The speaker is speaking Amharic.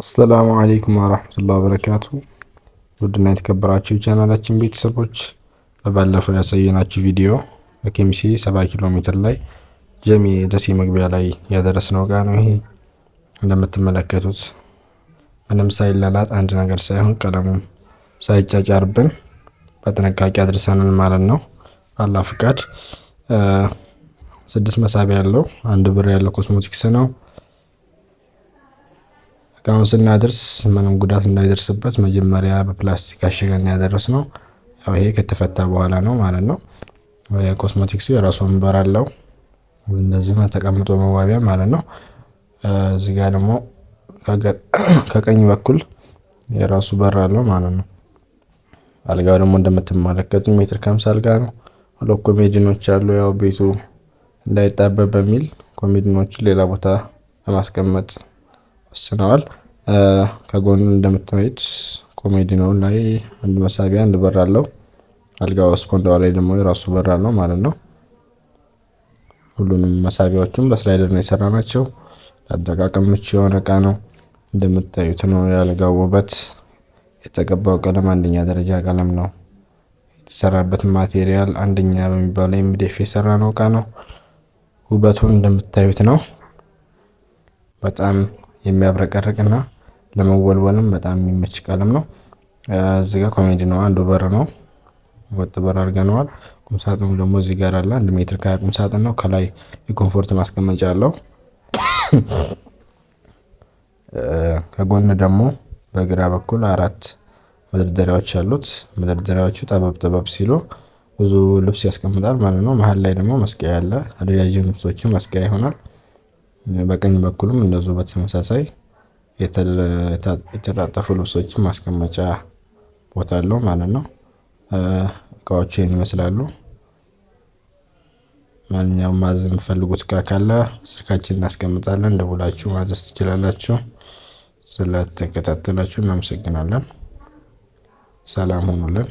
አሰላሙ አሌይኩም ወረህመቱላሂ ወበረካቱ። ውድና የተከበራችሁ ቻናላችን ቤተሰቦች በባለፈው ያሳየናችሁ ቪዲዮ በኬሚሴ 70 ኪሎ ሜትር ላይ ጀሜ ደሴ መግቢያ ላይ ያደረስነው እቃ ነው ይሄ እንደምትመለከቱት ምንም ሳይላላት አንድ ነገር ሳይሆን ቀለሙም ሳይጫጫርብን በጥንቃቄ አድርሰንን ማለት ነው። አላ ፍቃድ ስድስት መሳቢያ ያለው አንድ ብር ያለው ኮስሞቲክስ ነው። ጋውን ስናደርስ ምንም ጉዳት እንዳይደርስበት መጀመሪያ በፕላስቲክ አሸገን ያደረስ ነው። ያው ይሄ ከተፈታ በኋላ ነው ማለት ነው። ኮስሞቲክሱ የራሱ ወንበር አለው እንደዚህ ተቀምጦ መዋቢያ ማለት ነው። እዚህ ጋር ደግሞ ከቀኝ በኩል የራሱ በር አለው ማለት ነው። አልጋው ደግሞ እንደምትመለከቱ ሜትር ከምሳ አልጋ ነው። ሁለ ኮሜዲኖች አሉ። ያው ቤቱ እንዳይጣበብ በሚል ኮሜዲኖችን ሌላ ቦታ ለማስቀመጥ ወስነዋል። ከጎን እንደምታዩት ኮሜዲ ነው ላይ አንድ መሳቢያ አንድ በር አለው። አልጋው ስፖንዳዋ ላይ ደግሞ የራሱ በር አለው ማለት ነው። ሁሉንም መሳቢያዎቹም በስላይደር ነው የሰራ ናቸው። ለአጠቃቀም ምቹ የሆነ እቃ ነው። እንደምታዩት ነው የአልጋው ውበት። የተቀባው ቀለም አንደኛ ደረጃ ቀለም ነው። የተሰራበት ማቴሪያል አንደኛ በሚባለው ኤምዲኤፍ የሰራ ነው እቃ ነው። ውበቱን እንደምታዩት ነው። በጣም የሚያብረቀርቅና ለመወልወልም በጣም የሚመች ቀለም ነው። እዚጋ ኮሜዲ ነው። አንዱ በር ነው፣ ወጥ በር አድርገነዋል። ቁምሳጥኑ ደግሞ እዚህ ጋር አለ። አንድ ሜትር ከሀያ ቁምሳጥን ነው። ከላይ የኮምፎርት ማስቀመጫ አለው። ከጎን ደግሞ በግራ በኩል አራት መደርደሪያዎች አሉት። መደርደሪያዎቹ ጠበብ ጠበብ ሲሉ ብዙ ልብስ ያስቀምጣል ማለት ነው። መሀል ላይ ደግሞ መስቀያ አለ። ረዣዥም ልብሶችን መስቀያ ይሆናል። በቀኝ በኩልም እንደዚሁ በተመሳሳይ የተጣጠፉ ልብሶችን ማስቀመጫ ቦታ አለው ማለት ነው። እቃዎቹ ይህን ይመስላሉ። ማንኛውም ማዘዝ የምፈልጉት እቃ ካለ ስልካችን እናስቀምጣለን ደውላችሁ ማዘዝ ትችላላችሁ። ስለተከታተላችሁ እናመሰግናለን። ሰላም ሆኑልን።